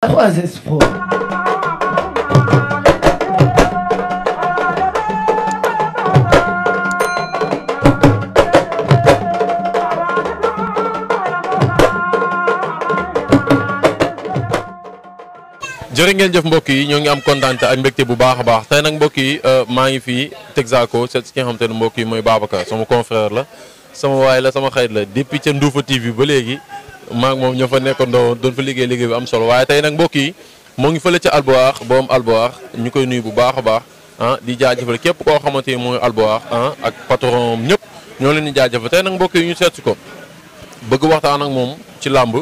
That was his fault. ngeen jëf mbokk yi ñoo ngi am kontaan ak mbégte bu baax a baax tey nag mbokk yi euh, maa ngi fii Texaco seet si ki nga xam te mbokk yi mooy Babacar sama confrère la sama waay la sama xarit la depuis ca Ndoufa TV ba léegi. maa moom ñoo fa nekkandoo doon fa liggéey liggéey bi am solo waaye tey nag mbokk yi moo ngi fële ca Albourakh boom Albourakh ñu koy nuyu bu baax a baax ah di jaajëfal képp koo xamante ni mooy Albourakh ak patron am ñëpp ñoo leen di jaajëfal tey nag mbokk yi ñu seetsi ko bëgg waxtaan ak moom ci làmb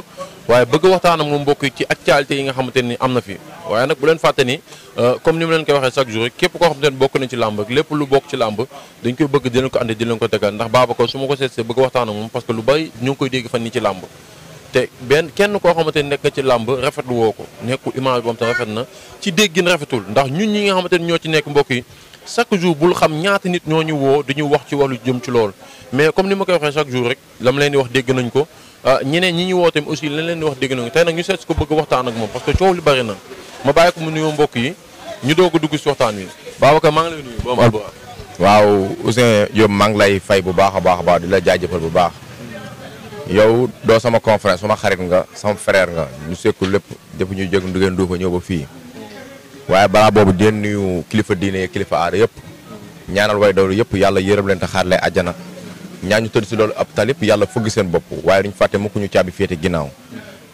waaye bëgg waxtaan ak moom mbokk yi ci actualité yi nga xamante ni am na fi waaye nag bu leen fàtte ni euh, comme ni mu leen koy waxee chaque jour rek képp koo na ci làmb ak lépp lu que lu bari koy dégg fan ni te benn kenn koo xamante ni nekk ci làmb rafetlu woo ko nekkul image boobu tam rafet na ci déggin rafetul ndax ñun ñi nga xamante ni ñoo ci nekk mbokk yi chaque jour bul xam ñaata nit ñoo ñu woo di ñu wax ci wàllu jëm ci loolu mais comme ni ma koy waxee chaque jour rek la ma leen di wax dégg nañ ko ah, ñeneen ñi ñu woo tamit aussi lañ leen di wax dégg nañ ko tey nag ñu seet ko bëgg waxtaan ak moom parce que coow li bari na ma bàyyi ko mu nuyoo mbokk yi ñu doo a dugg si waxtaan wi Babacar maa ngi lay nuyu borom Albourakh waaw maa ngi lay fay bu baax a baax a baax di la jaajëfal bu baax yow doo sama conférence sama xarit nga sama frère nga ñu sekkul lépp def ñu jóg du ngeen ñëw ba fii waaye balaa boobu di leen nuyu kilifa diine kilifa aada yëpp ñaanal way dawlu yëpp yàlla yërëm leen te xaar leen àjjana ñaan ñu tëdd si loolu ab talib yàlla fëgg seen bopp waaye duñ fàtte mukk ñu caabi féete ginnaaw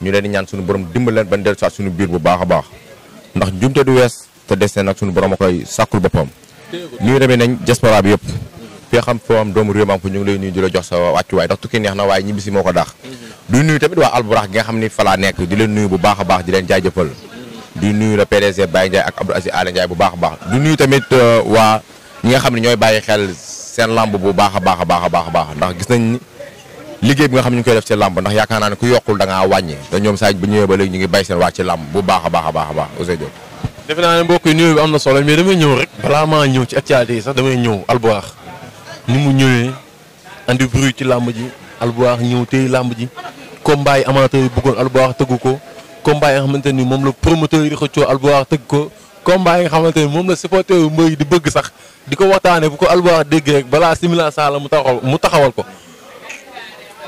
ñu leen ñaan suñu borom dimbal leen ban dellu saa suñu biir bu baax a baax ndax jumte du wees te desee nag suñu borom a koy sàkkul boppam nuyu tamit nañ diaspora bi yëpp fii xam foo am doomu réew maa ngi fa ñu ngi lay nuyu di la jox sa wàccuwaay ndax tukki neex na waaye ñibbisi moo ko daax du nuyu tamit waa alburax gi nga xam ni falaa nekk di leen nuyu bu baax a baax di leen jaajëfal du nuyu la PDG Baye Ndiaye ak Abdou Aziz Alé Ndiaye bu baax a baax du nuyu tamit euh, waa ñi nga xam ne ñooy bàyyi xel seen lamb bu baax a baax a baax a baax a baax ndax gis nañ liggéey bi nga xam ne ñu ngi koy def ci lamb ndax yaakaar naa ne ku yokkul da ngaa wàññi te ñoom saa bu ñëwee ba léegi ñu ngi bàyyi seen waa ci lamb bu baax a baax a baax a baax Ousseyn Diop defe naa ne mbokk yi nuyoo bi am na solo mais damay ñëw rek balaa maa ñëw ci actualité yi sax damay ñëw alburax ni mu ñëwee andi bruit ci làmb ji Albuax ñëw tey làmb ji combat yi amateur yi bëggoon Albuax tëgg ko combat yi nga xamante ni moom la promoteur yi di xëccoo Albuax tëgg ko combat yi xamante ni moom la supporter yu mbër yi di bëgg sax di ko waxtaanee bu ko Albuax déggee rek balaa simila saala mu taxawal mu taxawal ko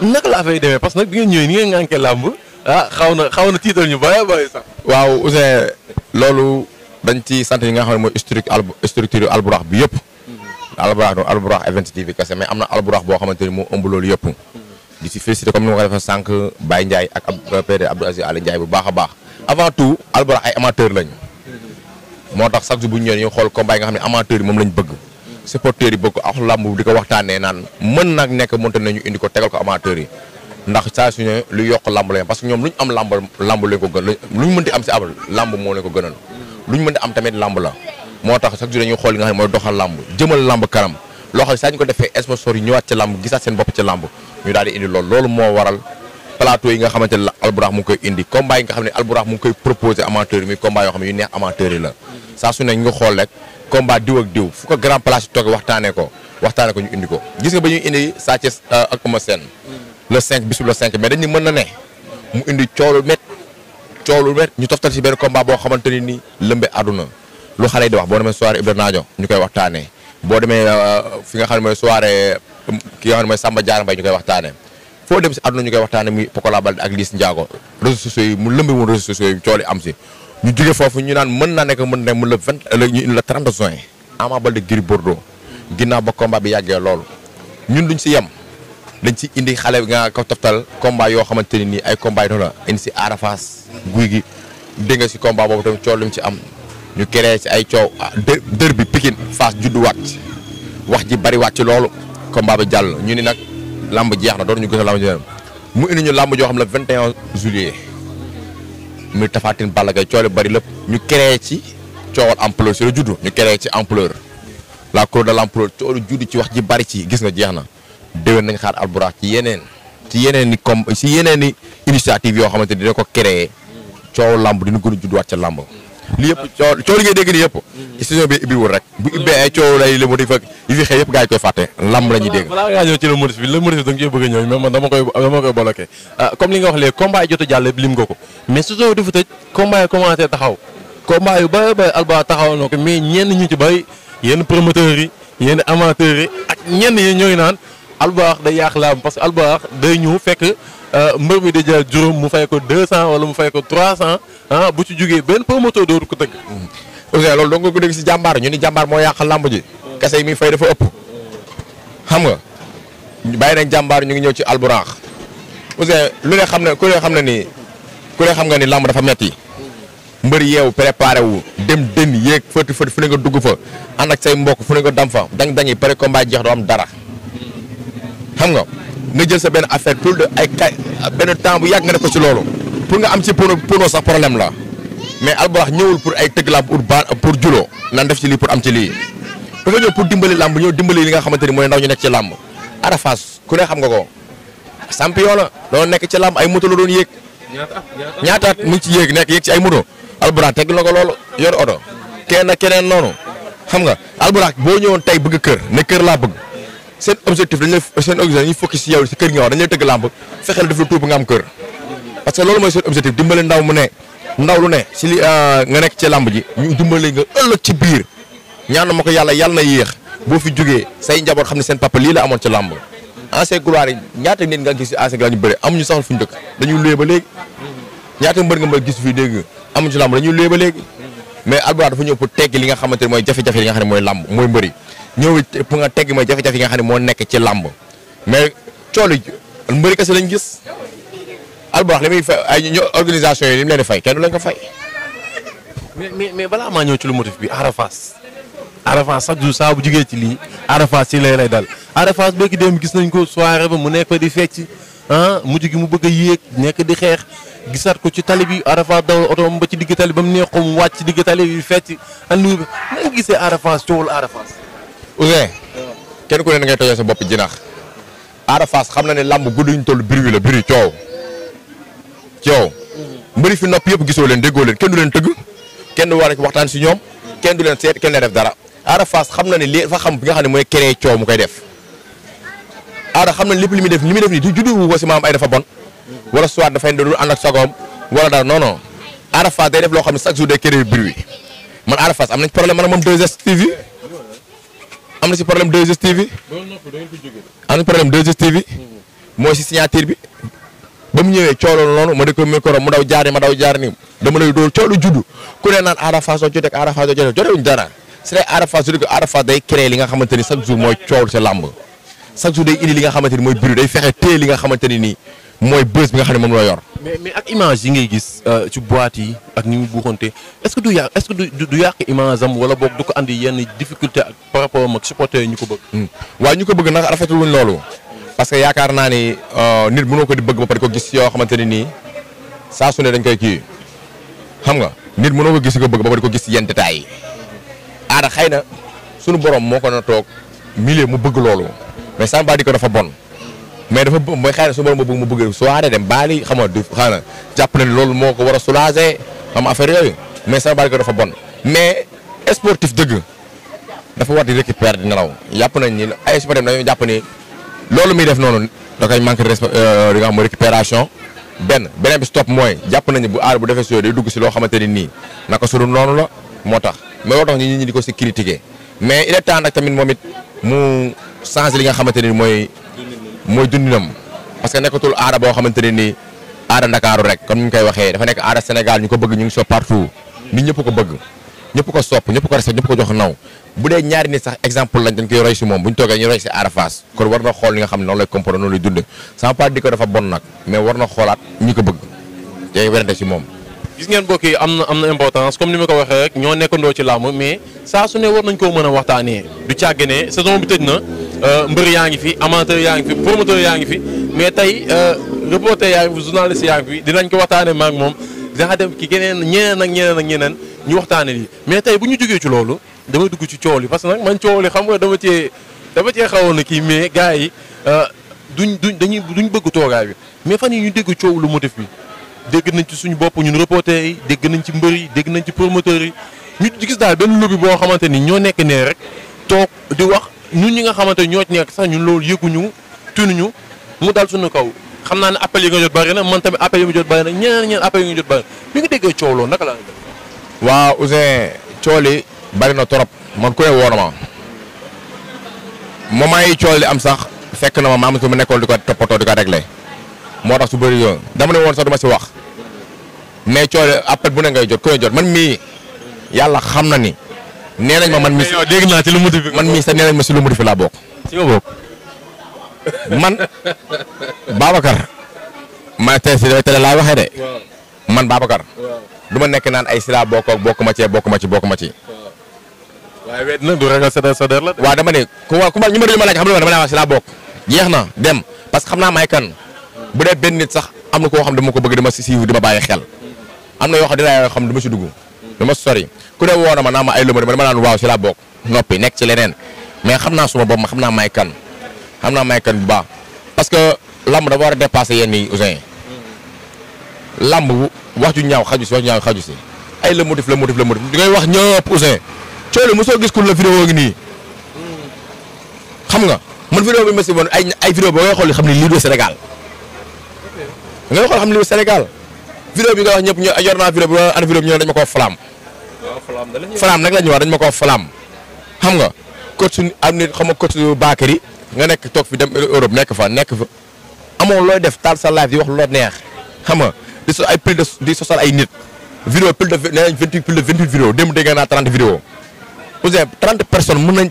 naka laa fay demee parce que nag bi ngeen ñëwee ni ngeen ngànkee làmb ah xaw na xaw na tiital ñu bëree bëri sax. waaw Ousseyn loolu dañ ci sant yi nga xam ne mooy structure structure Albuax bi yëpp. alburax doon alburax Events TV kese mais am na alburax boo xamante ni moo ëmb loolu yëpp di si félicité comme ni ma ko defee sànq Baye Ndiaye ak ab euh, PD Abdou Aziz Aly Ndiaye bu baax a baax avant tout alburax ay amateur lañu moo tax chaque bu ñu ñëwee ñu xool combat nga xam ne amateur yi moom lañ bëgg supporteurs yi bëgg a làmb di ko waxtaanee naan mën nag nekk mënta nañu indi ko tegal ko amateur yi ndax saa su ne lu yokk làmb lañ parce que ñoom lu ñu am làmb làmb lañ ko gën luñ mën di am si ab làmb moo leen ko gënal luñ mën di am tamit làmb la moo tax chaque jour dañuy xool li nga xam ne mooy doxal làmb jëmal làmb kanam loo xam ne saa ñu ko defee sponsor yi ñëwaat ci làmb gisaat bopp ci làmb ñu indi loolu loolu moo waral plateau yi nga xamante ne la alburax mu koy indi combat yi nga ne alburax koy proposé amateur yi muy combat yoo xam ne yu su ne ñu xool rek combat diw ak diw fu ko grand place yi toog waxtaanee ko waxtaanee ko ñu indi ko gis nga ba ñuy indi Sa Thiès euh, ak Eumeu Sène le 5 bisu le 5 mais dañu mën na ne mu indi coow lu met coow lu met ñu toftal ci benn combat boo xamante ni nii lëmbe àdduna lu xale yi di wax boo demee soirée Ibra Naajo ñu koy waxtaanee boo demee euh, fi nga xam ne mooy soirée um, ki nga xam ne mooy Samba Diarra Mbaye ñu koy waxtaanee foo dem si àdduna ñu koy waxtaanee muy Pokola Balde ak Liss Ndiago réseaux sociaux yi mu lëmbe woon réseaux sociaux yi am si ñu jóge foofu ñu naan mën naa nekk mën ne mu le vingt euh, le trente juin ba Balde Gris Bordeaux ginnaaw ba combat bi yàggee loolu ñun duñ si yem dañ si indi xale bi nga ko toftal combat yoo xamante ne nii ay combat yi noonu la indi si Arafaas guy gi dégg nga si combat boobu tamit cool lim ci am ñu créé ci ay coow ah, dër dër bi Pikine Fass judduwaat wax ji bari waat ci loolu comme bi jàll ñu ni nag làmb jeex na dootuñu gis a làmb jeex mu indi ñu làmb joo xam ne 21 juillet muy Tapha Tine Balla Gaye coow li bari lépp ñu créé ci coowal ampleur si juddu ñu ci ampleur la cour de l'ampleur coow juddu ci wax ji bari ci gis nga jeex na déwén nañ xaar alburax yeneen ci yeneen ni ci yeneen ni initiative yoo xamante dina ko créé coow làmb dina ko a judduwaat ci làmb li yëpp coow coow li ngay dégg ni yëpp saison bi ubbiwul rek bu ubbee ay coow lay le motif ak yi fi xëy yëpp gaa yi koy fàtte lamb la ñuy dégg balaa ñëw ci dama koy dama koy ah, comme li nga wax léegi combat yi jot a jàll taxaw combat ko mais ñenn ñu ci bëri yenn promoteurs yi yenn amateurs yi ak ñenn yi naan Alba day yàq lamb parce que Alba day ñëw fekk euh, mbër mi di jël juróom mu fay ko deux cent wala mu fay ko trois cent ah bu ci jugee benn promoteur dootu ko tëgg. Hmm. Ouzin loolu dong nga ko dégg si jàmbaar ñu ni jàmbaar moo yàqal làmb ji. kese yi muy fay dafa ëpp. xam nga bàyyi nañ jàmbaar ñu ngi ñëw ci alburaax. Ouzin lu ne xam ne ku xam ne ni ku ne nga ni làmb dafa metti mbër yeew préparé wu dem dën yéeg fëti fëti fu ne nga dugg mbokk fu ne nga dam fa dang-dang yi pare combat jeex am dara xam nga nga jël sa benn affaire tout de ay benn temps bu yàgg nga def ko si loolu. pour nga am ci pono pono sax problème la mais Albourakh ñëwul pour ay tëgg làmb pour ba pour juloo nan def ci lii pour am ci lii dafa pour dimbali làmb ñëw dimbali li nga xamante ni mooy ndaw ñu nekk ci làmb Ada ku ne xam nga ko champion la doon nekk ci làmb ay moto la doon yéeg ñaata mu ngi ci yéeg nekk yéeg ci ay moto Albourakh tegg na ko loolu yor oto kenn keneen noonu xam nga Albourakh boo ñëwoon tey bëgg kër ne kër laa bëgg seen objectif dañu seen objectif si focus ci yow ci kër nga wax dañu lay tëgg làmb fexeel def kër parce que loolu mooy seen objectif dimbale ndaw mu ne ndaw lu ne si li euh, nga nekk ci làmb ji ñu dimbale nga ëllëg ci biir ñaan ma ko yàlla yàlla na yéex boo fi jógee say njaboot xam ne seen papa lii la amoon ci làmb ancien gloire yi ñaata nit nga gis si ancien gloire ñu bëri amuñu ñu dëkk dañuy ba léegi ñaata mbër gis fii dégg amuñu ci làmb dañuy luye ba léegi mais albuquerque fu ñëw pour teggi li nga xamante ne mooy jafe-jafe yi nga xam ne mooy làmb mooy mbëri ñëw pour nga teggi mooy jafe-jafe yi nga xam ne moo nekk ci làmb mais coolu mbëri kese lañ gis Alburakh li muy fay ay organisation yi li mu leen fay kenn du leen ko fay. mais mais mais balaa maa ñëw ci lu motif bi Arafas Arafas chaque jour saa bu jugee ci lii Arafas ci lay lay dal Arafas béykat dem gis nañ ko soirée ba mu nekk di fecc ah gi mu bëgg yéeg nekk di xeex gisaat ko ci tali bi Arafas dawal oto ba ci digg tali ba mu neex ko mu wàcc ci digg tali bi fecc andu bi na nga gisee Arafas coowul Arafas. Ousseyn. kenn ku ne da tojee sa bopp jinax. Arafas xam na ne làmb gudduñ toll biir wi la biir coow. yow mbëri fi nopp yëpp gisoo leen déggoo leen kenn du leen tëgg kenn du war a waxtaan si ñoom kenn du leen seet kenn leen def dara Ada Fass xam na ne li fa xam bi nga xam ne mooy créer coow mu koy def Ada xam na lépp li muy def li muy def nii di juddu ko si maam ay dafa bon wala soit loo xam ne chaque jour day créer bruit man Ada Fass am na si problème 2STV am na si problème 2STV mooy si signature bi ba mu ñëwee cooloon noonu ma di ko micro mu daw jaar ni ma daw jaar ni dama lay dóor coolu juddu ku ne naan Ada Fass soo jotee ak Ada Fass soo jotee jotewuñ dara su dee Ada Fass su dee ko Ada Fass day créé li nga xamante ni chaque jour mooy coow ci làmb chaque jour day indi li nga xamante ni mooy bruit day fexe téye li nga xamante ni nii mooy bés bi nga xam ne moom la yor. mais mais ak image yi ngay gis euh, ci boîte yi ak ni mu buuxante est-ce que du yàq est-ce que du du yàq image am wala boog du ko andi yenn difficulté ak par rapport ak supporter yi ñu ko bëgg. Hmm. waaye ñu ko bëgg nag rafetlu wuñ loolu parce que yaakaar naa ni euh, nit mënoo ko di bëgg ba pare ko gis yoo xamante ne nii saa su dañ koy kii xam nga nit mënoo ko gis ko bëgg ba ko gis yenn détails aada xëy na sunu borom moo ko na toog milieu mu bëgg loolu mais sans ba di ko dafa bon mais dafa mooy xëy na sunu borom bëgg mu bëgg su aada dem baali xam nga du xanaa jàpp na loolu moo ko war a soulager xam affaire yooyu mais sans ba di ko dafa bon mais sportif dëgg dafa war di récupérer di nelaw yàpp nañ ni ay sportif dañoo jàpp ni. loolu muy def noonu da koy manque respect euh, li nga xam mooy benn beneen bi stop mooy jàpp nañu bu aar bu defee suyoo day dugg si loo xamante ni nii naka sunu noonu la moo tax mais loo tax ñu ñi di ko si critiquer mais il nag tamit moom it mu changé li nga xamante ni mooy mooy dundinam parce que nekkatul aada boo xamante ne nii aada Ndakaaru rek kon ni ñu koy waxee dafa nekk aada Sénégal ñu ko bëgg ñu ngi so partout nit ñëpp ko bëgg ñëpp ko sopp ñëpp ko respect ñëpp ko jox naw bu dee ñaari nit sax exemple lañ dañ koy roy si moom bu ñu ñu roy si Ada kon war na xool li nga xam ne noonu lay comporté noonu lay dundee sans pas di ko dafa bon nag mais war na xoolaat ñi ko bëgg day werante si moom gis am na am na importance comme ni ma ko waxee rek ñoo nekkandoo ci làmb mais saa su ne war nañ a waxtaanee du càgg ne saison bi tëj na euh, mbër yaa ngi fi amateur yaa ngi fi promoteur mais tey euh, reporter yaa ngi dinañ ko waxtaanee maak moom dina dem ki keneen ñeneen ak ñeneen ak ñeneen ñu waxtaane lii mais tey bu ñu jógee ci loolu dama dugg ci coow li parce que nag man coow li xam nga dama cee dama cee xawoon na kii mais gars yi euh, duñ duñ dañuy duñ bëgg toogaay bi mais fan yi ñu dégg coow lu motif bi dégg nañ ci suñu bopp ñun reporter yi dégg nañ ci mbër yi dégg nañ ci promoteur yi ñu gis daal benn lobby boo xamante ni ñoo nekk nee rek toog di wax ñun ñi nga xamante ñoo ci nekk sax ñu loolu yëguñu tunuñu mu dal suñu kaw xam naa ne appel yi nga jot bari man tamit appel yi nga jot bari na ñeneen ñeneen appel yi na bi waa Ouzin cool yi bari na trop man ku ne woon na ma moment yi cool di am sax fekk na ma maam su ma nekkoon di ko toppatoo di ko réglé moo tax su bëri dama ne woon sax du ma si wax mais cool appel bu ne ngay jot ku jot man mii yàlla xam na ni. nee nañ ma man mii si lu mu fi man mii sax nee nañ ma si lu mu fi laa bokk. si nga man Babacar. ma si télé laay waxee de. man Babacar. du ma nekk naan ay sila bokk bokk ma bokk ma ci bokk ma ci. waaye wet na dama ne ku ma ku ma ma ne wax sila bokk. jeex na dem parce que xam naa may kan bu dee benn nit sax am na koo xam dama ko bëgg dama si siiw dama bàyyi xel am na yoo xam dinaa yoo xam dama si dugg. dama sori ku ne woo na ma naa ma ay lëmb dama dama naan waaw si bokk noppi nekk ci leneen mais xam naa suma bopp ma xam naa may kan xam naa may kan bu baax parce que lamb dafa war a dépasser yenn yi Ouzin lamb wax ju ñaaw xaju si wax ju si ay la motif la motif la motif di ngay wax ñëpp Ouzin coole mosoo gis ku la vidéo ngi nii xam nga man vidéo bi ma ay ay vidéo boo ngay xool xam ne lii du Sénégal nga xool xam ne lii bi nga wax ñëpp ñoo yor naa vidéo bi wala ana vidéo bi ñoo dañ ma koo flam flam nag la ñu wax dañ ma koo flam xam nga coach am nit xam nga coach Bakary nga nekk toog fi dem Europe nekk fa nekk fa amoo looy def taal sa live di wax lu la neex xam nga di so ay plus de di sosal ay nit. vidéo plus de nee nañ vingt huit plus de vingt huit vidéo démb dégg nañ trente vidéo mën nañ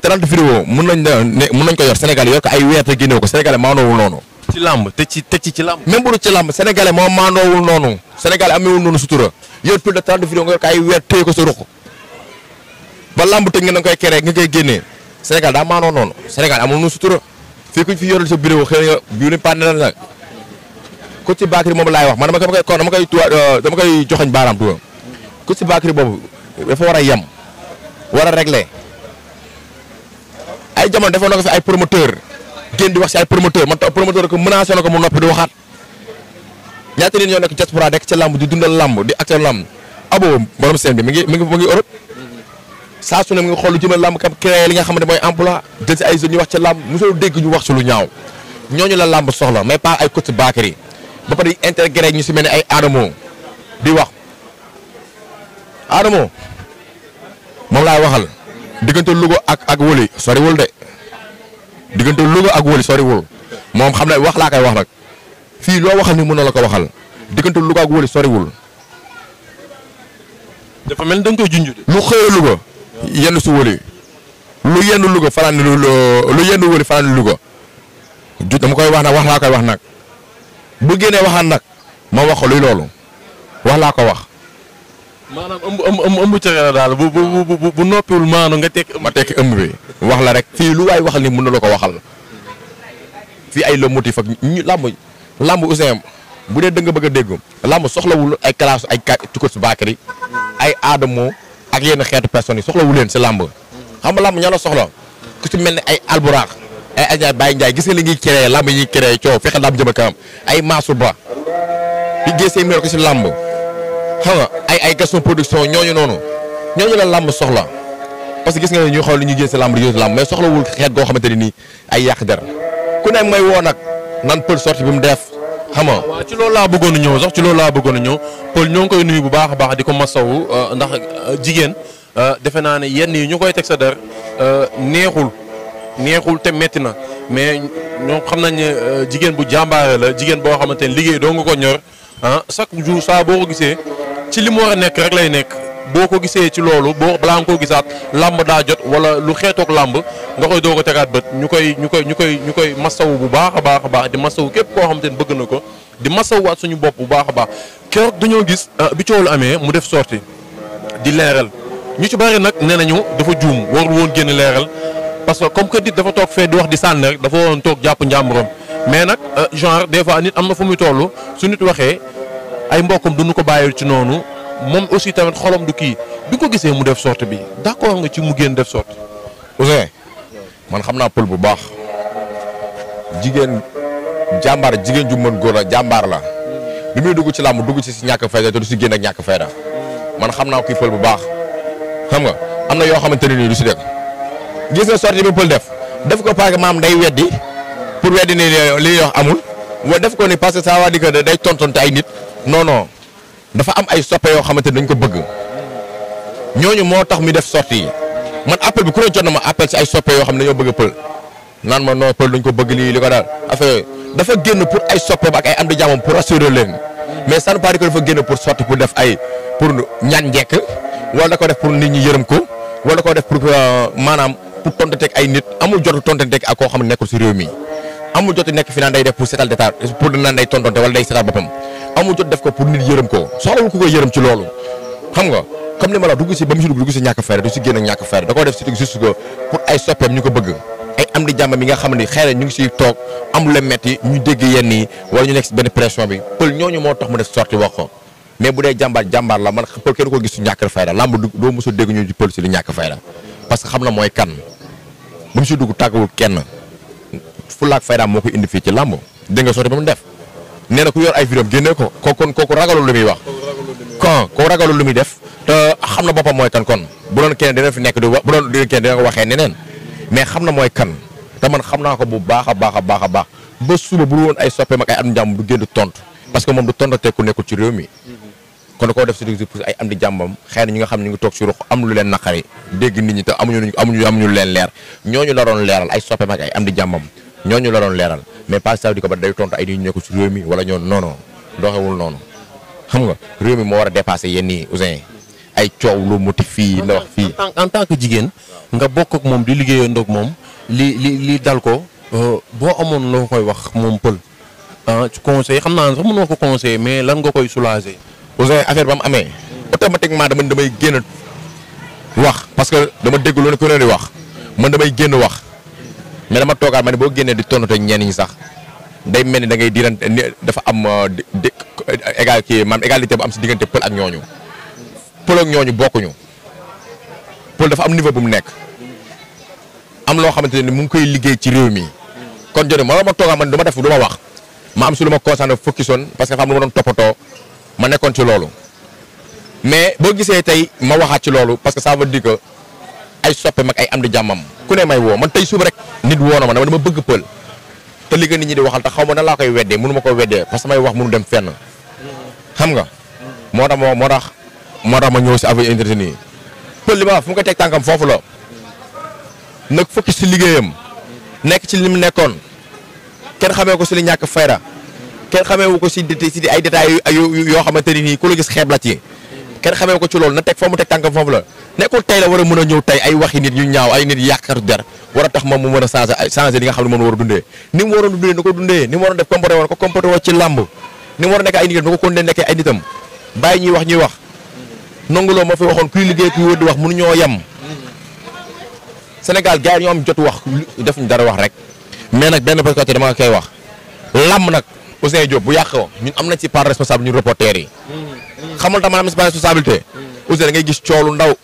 ne mën nañ ko yor Sénégal yor ko ay weer te génnew ko Sénégal maandoowul noonu. ci làmb te ci te ci ci làmb. même bu dul ci làmb sénégalais moom maandoowul noonu Sénégal amewul noonu sutura ko ay nga da génnee Sénégal daa maandoo noonu Sénégal amul nu sutura fii ku fi yoral sa vidéo xëy bii lañ paane la nag coach si Bakary moom laay wax man dama koy kaw dama koy tuwa euh, dama koy joxoñ baaraam tuuram coach si Bakary boobu dafa war a yem war a régler ay jamono defoon na ko fi ay promoteur génn di wax si ay promoteur man promoteur ko menacé na ko mu noppi di waxaat ñaata nit ñoo nekk diaspora nekk ca làmb di dundal làmb di acteur làmb abo borom seen bi mi ngi mi ngi mu ngi Europe saa su ne mi ngi xool lu jëmal làmb kam li nga xam ne mooy emploi jël si ay jeunes ñu wax ca làmb mosul dégg ñu wax si lu ñaaw ñoo ñooñu la làmb soxla mais pas ay coach Bakary ba pare intégré ñu si mel ni ay Adamo di wax Adamo moom laay waxal diggante Louga ak ak Woli soriwul de diggante Louga ak Woli soriwul moom xam na wax laa koy wax nag fii loo waxal ni mën na la ko waxal diggante Louga ak Woli soriwul. dafa mel ni da nga koy junj lu xëyee Louga yenn su Woli lu yenn Louga fanaan lu lu yenn Woli fanaan Louga ju dama koy wax nag wax laa koy wax nag. bu génnee waxaan nag ma wax ko luy loolu wax laa ko wax. maanaam ëmb ëmb ëmb ëmb la daal bu bu bu bu noppiwul maanu nga tekki. ma tekki ëmb bi wax la rek fii lu waay wax ni mun na la ko waxal fii ay le motif ñu làmb làmb Ousseyn bu dee dëgg nga bëgg a dégg làmb soxlawul ay classe ay ka Tukus Bakary ay Adamo ak yenn xeetu personne yi soxlawu leen si làmb xam nga làmb ña soxla ku si mel ni ay alburaax ay eh, Adja Baye Ndiaye gis nga li ngi créé lamb yi créé coow fexe lamb jëm kanam ay Mansour Ba di gisee mel ko si làmb xam nga ay ay Gaston production ñooñu noonu ñooñu la lamb soxla parce que gis nga ne ñu xool li ñu jël si lamb di jël si mais soxlawul xeet goo xamante ne nii ay yàq der ku ne may woo nag nan pël sorti bi mu def xam nga waaw ci loolu laa bëggoon a ñëw sax ci loolu laa bëggoon a ñëw pël ñoo ngi koy nuyu bu baax baax di ko masawu euh, ndax euh, jigéen euh, defe naa ne yenn yi ñu koy teg sa der neexul. neexul te metti na mais ñoom xam nañ ne euh, jigéen bu jàmbaare la jigéen boo xamante ne liggéey doo nga ko ñor ah chaque jour saa boo ko gisee ci li mu war a nekk rek lay nekk boo ko gisee ci loolu boo balaa nga koo gisaat làmb daa jot wala lu xeetook làmb nga koy doo ko tegaat bët ñu koy ñu koy ñu koy ñu koy masawu bu baax a baax a baax di masawu képp koo xamante ne bëgg na ko di masawaat suñu bopp bu baax a baax keroog dañoo gis ah, bi coow lu amee mu def sorti di leeral ñu ci nag nañu dafa leeral parce que comme que dit dafa toog fee di wax di sànni rek dafa waroon toog jàpp njàmburam mais nag euh, genre des fois nit am na fu muy toll su nit waxee ay mbokkam duñu ko bàyyil ci noonu moom aussi tamit xolam du kii bi ko gisee mu def sorte bi d'accord nga ci mu génn def sorte. Ousseyn man xam naa pël bu baax jigéen jàmbaar jigéen ju mën góor la jàmbaar la bi muy dugg ci làmb dugg ci si ñàkk fayda te du si génn ak ñàkk fayda man xam naa kii pël bu baax xam nga am na yoo xamante ne nii du si dëkk gis na sortie bi pël def def ko parce maam day weddi pour weddi ni li ñuy wax amul wa def ko ni parce que ça veut day ton day tontonte ay nit non non dafa am ay soppe yoo xamante ne dañ ko bëgg ñooñu moo tax muy def sortie yi man appel bi ku ne jot na ma appel si ay soppe yoo xam ne dañoo bëgg pël naan ma non pël dañ ko bëgg lii li ko daal affaire dafa génn pour ay soppe ba ak ay am di jàmmam pour rassurer leen mais ça ne veut pas dire dafa génn pour sorti def ay pour ñaan njekk ko def pour nit ñi yërëm ko wala ko def pour euh, maanaam. pour tontanteeg ay nit amul jot tontanteeg ak koo xam ne nekkul si réew mi amul jot nekk fi naan day def pour setal d'état pour naan day tontonte wala day setal boppam amul jot def ko pour nit yërëm ko soxlawul ku koy yërëm ci loolu xam nga comme li ma si ba mu si si ñàkk fayda du si génn ak ñàkk fayda da koo def si juste que pour ay soppeem ñu ko bëgg ay am di jàmm mi nga xam ni xëy ñu ngi si toog am lu leen métti ñu dégg yenn yi wala ñu nekk si benn pression bi pël ñooñu moo tax mu def sorti wax ko mais bu dee j jàmbaar la man pël kenn ko gis su ñàkk fayda lamb doo parce xam na mooy kan bu mu si dugg tàggawul kenn fulaak faydaam moo ko indi fii ci làmb dégg nga sotti ba mu def nee na ku yor ay vidéo génne ko kooku kooku ragalul lu muy wax. kon kooku ragalul lu muy def te xam na boppam mooy kan kon bu doon kenn dina fi nekk di wax bu doon dina kenn dina ko waxee neneen mais xam na mooy kan te man xam naa ko bu baax a baax a baax a baax ba suba bu woon ay soppeem ak ay am njàmm du génn tontu parce que moom du tontatee réew mi. kon da koo def si dugub ay am di jàmbam xëy na xam ne ñu ngi toog si ruq am lu leen naqari dégg nit ñi te amuñu amuñu amuñu leen leer ñooñu la doon leeral ay soppeem ak ay am di jàmbam ñooñu la doon leeral mais pas ça ko ba day tontu ay nit ñu nekk si réew mi wala ñoo non doxewul noonu xam nga réew mi moo war a dépassé yenn yi Ouzin ay coow lu muti fii la wax fii en tant que jigéen nga bokk ak moom di liggéeyandoo ak moom li li li dal ko euh, boo amoon loo koy wax moom pël ah conseil xam naa sax mën nga ko mais lan nga koy soulager Ouzin affaire ba mu amee automatiquement dama damay génn wax parce que dama dégg lu ne ku ne di wax man génn wax mais dama toogaat ma ne boo génnee di tontu ñenn ñi sax day mel ni da ngay diran dafa am euh, di égal kii égalité bu am si diggante pël ak ñooñu pël ak ñooñu bokkuñu pël dafa am niveau mu nekk am loo xamante ne mu ngi koy liggéey ci réew mi kon jërëjëf ma la ma toogaat man dama def lu ma wax ma am si lu ma concentré focus woon parce que am lu ma doon toppatoo. ma nekkoon ci loolu mais boo gisee tey ma waxaat ci loolu parce que ça veut dire que ay soppe mag ay am di jàmmam ku ne may woo man tey suba rek nit woo na ma dama bëgg pël te li nga nit ñi di waxal te xaw ma na laa koy weddee mënu ma ko weddee parce que may wax mënu dem fenn xam nga moo tax moo tax moo tax ma ñëw si affaire entretien yi pël li ma fu mu ko teg tànkam foofu la nag focus si liggéeyam nekk ci li mu nekkoon kenn xamee ko si li ñàkk fayda kenn xameewu ko si si ay yoo xamante ni nii ku la gis xeeb la kenn xamee ko ci loolu na teg foo mu teg tànkam foofu la nekkul tey la war a mën a ñëw tey ay waxi nit ñu ñaaw ay nit yàqatu der war a tax moom mu mën a changé changé li nga xam ne moom war a dundee ni mu waroon dundee ni ko dundee ni mu waroon def comporté woon ko comporté woon ci làmb ni mu war a wax ñuy wax nanguloo liggéey kuy wër di wax mënu ñoo yem Sénégal gars yi ñoo am jot wax def ñu dara wax rek mais nag benn parce que dama koy wax làmb nag Ousseyn Diop bu yàqoo ñun am na ci part responsable ñun reporter yi. xamul tam maanaam si part responsabilité. Ousseyn da ngay gis coow lu ndaw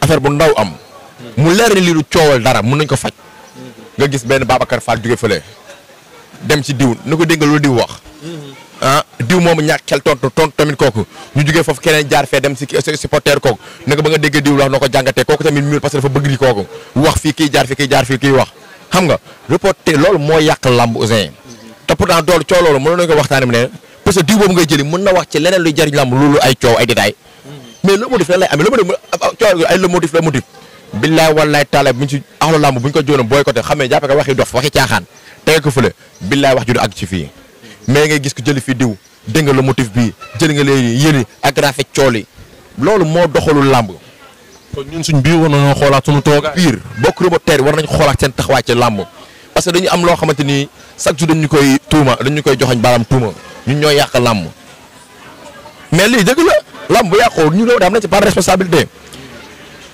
affaire bu ndaw am. mu leer ni lii du coowal dara mun nañ ko faj. nga gis benn Babacar Fall jóge fële dem ci diw na ko dégg lu diw wax. ah diw moomu ñàkk xel tontu tontu tamit kooku ñu jugee foofu keneen jaar fee dem si supporter kooku na ko jàngatee kooku tamit miul parce que dafa bëgg di kooku wax fii kii jaar fii kii jaar fii kii wax xam nga reporter loolu moo yàq làmb Ousseyn te pourtant dool coow loolu mënoon nañu ko waxtaanee mu ne parce que diw boobu ngay jëli mën na ko jóonoon boycotté xam ne mais ngay gis ko jëli fii diw dégg nga le motif nga léegi yéen ak rafet loolu moo doxalul lamb kon ñun suñ biir war nañoo xoolaat suñu toogaay biir bokk reporter war nañ xoolaat seen taxawaay ci lamb parce que dañu am loo xamante ni chaque jour dañu koy tuuma dañu koy joxañ baaraam tuuma ñu ñoo yàq làmb mais lii dëgg la làmb bu yàqoo ñu loolu am na ci par responsabilité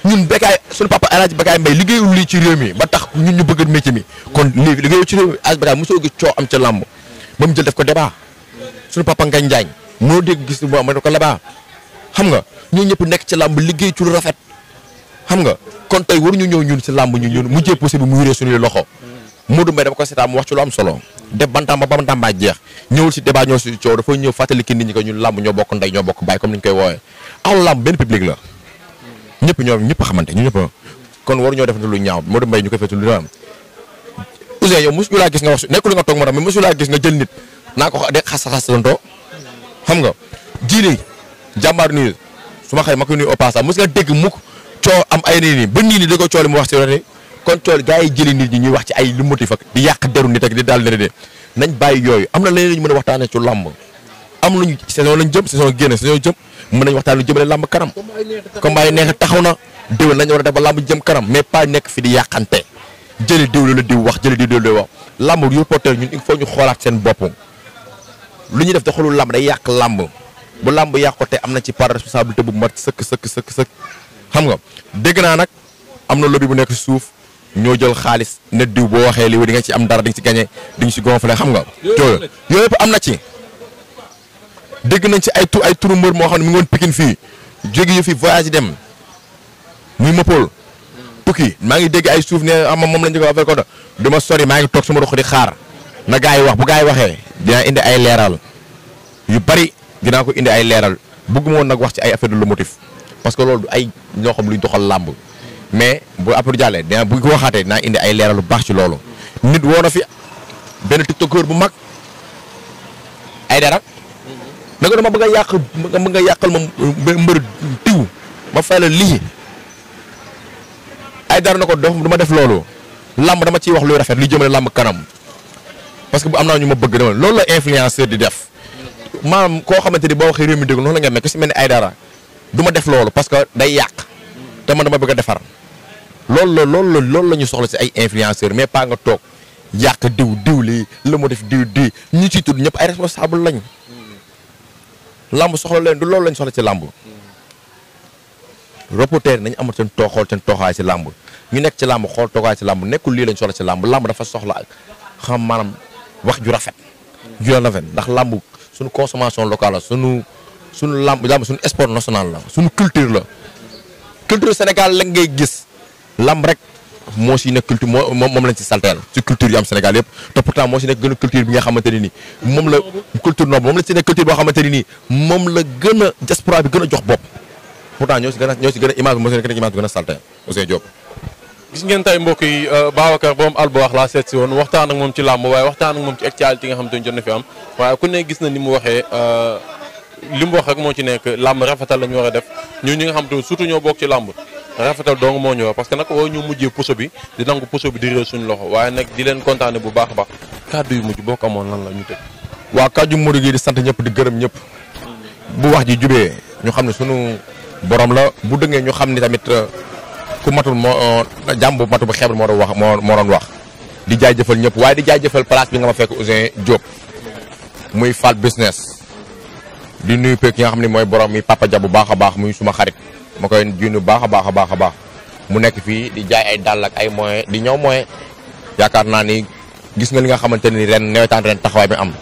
ñun Bécaye suñu papa El Hadj Bécaye Mbaye lii ci réew mi ba tax ñun ñu bëgg métier mi kon lii liggéeyul ci réew mi El Hadj am ca làmb ba mu jël def ko débat suñu papa moo dégg gis moo ma ko labaa xam nga ñoo ñëpp nekk ci làmb liggéey ci lu rafet xam nga kon tey waruñu ñëw ñun si làmb ñu ñun mujjee possible mu yuree suñuy loxo Modou Mbaye dama ko seetaan mu wax ci lu am solo def bantamba ba bantamba jeex ñëwul si débat ñoo si coow dafa ñëw fàttali ki nit ñi ñun làmb ñoo bokk ndey ñoo bokk baay comme ni ñu koy woowee ñëpp xamante ñu ñëpp kon waru ñoo defante lu ñaaw Modou Mbaye ñu ko lu am Ouzin yow mosu ñu laa gis nga wax nekk nga toog ma tax mais mosu nga jël nit naa ko de xas xas tontoo xam su ma xëy ma ko nuyu au passage mos nga dégg mukk coow am ay nii nii ba nii nii da ko coow li mu wax si kon tool gars yi jëli nit ñi ñuy wax ci ay lu motif ak di yàq deru nit ak di daal dene de nañ bàyyi yooyu am na leneen lañu mën a waxtaane ci làmb am luñu saison lañ jëm saison génne saison jëm mën nañ waxtaan lu jëmale làmb kanam combat yi neex taxaw na déwén nañu war a def ba làmb jëm kanam mais pas nekk fi di yàqante jëli diw loolu diw wax jëli diw loolu diw wax làmb yu porteur ñun il faut ñu xoolaat seen bopp lu ñuy def da xoolul làmb day yàq làmb bu làmb te am na ci part responsabilité bu mat sëkk sëkk sëkk sëkk xam nga dégg naa nag am na lobby bu nekk suuf ñoo jël xaalis ne diw boo waxee lii di nga ci am dara di nga ci gagné di nga ci gonflé xam nga. yooyu yëpp am na ci. dégg nañ ci ay tu ay turu mbër moo xam ne mu ngi woon Pikine fii jóge fi voyage dem muy Mopol. tukki maa ngi dégg ay suuf ne xam ah, moom lañ ko affaire ko du ma sori maa ngi toog sama roq di xaar na gaa yi wax bu gaa yi waxee dinaa indi ay leeral yu bari dinaa ko indi ay leeral bëgguma woon nag wax ci ay affaire de lomotif parce que loolu ay ñoo xam doxal làmb. mais bu après jàllee bu ko waxaatee naa indi ay leeral lu baax ci loolu. nit woo na fi benn tik tiktokeur bu mag ay dara. na ko dama bëgg a yàq bëgg yàqal ma mbër tiw ma fay lii ay dara na ko dof du ma def loolu làmb dama ciy wax luy rafet lu jëmale làmb kanam parce que bu am naa ñu ma bëgg dama loolu la influenceur di def maanaam koo xamante ni boo waxee réew mi dégg noonu la nga mel ku si mel ni ay dara duma def loolu parce que day yàq te man dama bëgg a defar loolu la loolu la loolu la soxla si ay influenceurs mais pas nga toog yàq diw diw lii la ma def diw diw ñu ci tudd ñëpp ay responsable lañ. lamb soxla leen du loolu lañ soxla ci lamb. reporter nañ amat seen too xool seen tooxaay si làmb ñu nekk ci lamb xool tooxaay si lamb nekkul lii lañ soxla ci lamb lamb dafa soxla xam maanaam wax ju rafet. ju rafet ndax làmb sunu consommation locale la suñu sunu lamb lamb suñu sport national la suñu culture la culture Sénégal la ngay gis. làmb rek moo si nekk culture moo moom lañ si salteel si culture yu am Sénégal yëpp te pourtant moo si nekk gën a culture bi nga xamante ne nii moom la culture noble moom lañ si boo xamante ne nii moom la gën a diaspora bi gën a jox bopp pourtant ñoo si gën a ñoo si gën a image bi moo si nekk image bi gën a salteel Ousseynou euh, si woon waxtaan ak moom ci làmb waaye waxtaan moom ci actualité yi nga am waaye ku gis na ni mu waxee euh, li mu wax rek moo ci nekk làmb rafetal la ñu war a def ñu ñi nga xam ne surtout ñoo bokk ci làmb rafetal dong moo ñëw parce que nag woo ñu mujjee poso bi di nangu poso bi di réew suñu loxo waaye nag di leen kontaane bu baax a baax kàddu yu mujj boo ko amoon lan la ñu tëj. waa kàddu murid gi di sant ñëpp di gërëm ñëpp bu wax ji jubee ñu xam ne sunu borom la bu dëngee ñu xam ne tamit euh, ku matul moo euh, jàmm bu matul bu xeebal moo doon wax moo moo doon wax. di jaajëfal ñëpp waaye di jëfal place bi nga ma fekk Ouzin Diop muy Fall business di nuyu pek ki xam ne mooy borom mi papa ja bu baax baax muy suma xarit. ma koy junni baax a baax a baax a baax mu nekk fii di jaay ay dàll ak ay moyen di ñëw moyen yaakaar naa ni gis nga li nga xamante ni ren nawetaan ren taxawaay bi am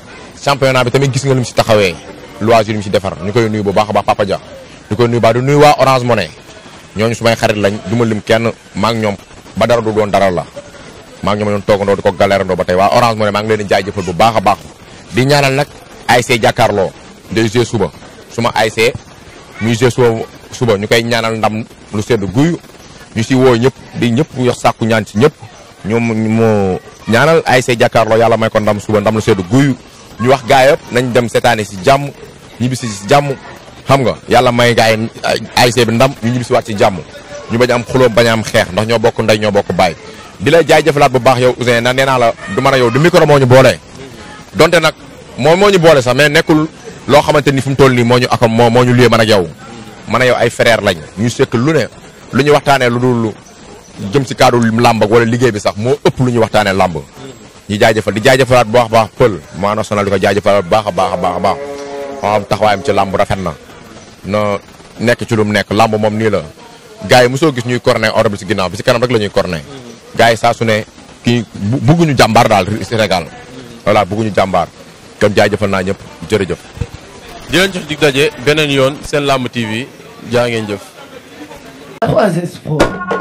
championnat bi tamit gis nga lu mu si taxawee loisir mu si defar ñu koy nuyu bu baax a baax Papa Dia ñu koy nuyu baax du nuyu waa Orange Money ñooñu su may xarit lañ du ma lim kenn maak ñoom ba dara du doon dara la maa ngi ñoom ñoon toogandoo di ko galerandoo ba tey waa Orange Money maa ngi leen di jaajëfal bu baax a baax di ñaanal nag ASC jàkkaarloo day jouer suba suma ASC muy suba ñu koy ñaanal ndam lu sedd guyu ñu si woo ñëpp di ñëpp yox sàkku ñaan ci ñëpp ñoom mu ñu mu ñaanal ASC Jakaarlo yàlla may ko ndam suba ndam lu sedd guyu ñu wax gaa nañ dem seetaane si jàmm ñibbisi si jàmm xam nga yàlla may gaa yi ASC bi ndam ñu ñibbisi waat ci jàmm ñu bañ am xuloo bañ am xeex ndax ñoo bokk ndey ñoo bokk bàyyi di la jaajëfalaat bu baax yow Ouzin na nee naa la du mën a yow du micro moo ñu boole donte nag moom moo ñu boole sax mais nekkul loo xamante ni fi mu toll nii moo ñu akam moo moo ñu liyee man ak yow man a yow ay frère lañ ñu seet lu ne lu ñu waxtaanee lu dul jëm si kaddu làmb wala liggéey bi sax moo ëpp lu ñu waxtaanee làmb ñu jaajëfal di jaajëfalaat bu baax baax pël maa national di ko jaajëfalaat bu baax a baax a baax a baax xam ci làmb rafet na na nekk ci lu mu nekk làmb moom nii la gars yi mosoo gis ñuy corné oto bi si ginnaaw bi si kanam rek la ñuy corné gars yi saa su ne kii bugguñu jàmbaar daal Sénégal voilà bugguñu jàmbaar kon jaajëfal naa ñëpp jërëjëf di leen jox dig daje beneen yoon seen làmb TV jaa ngeen jëf.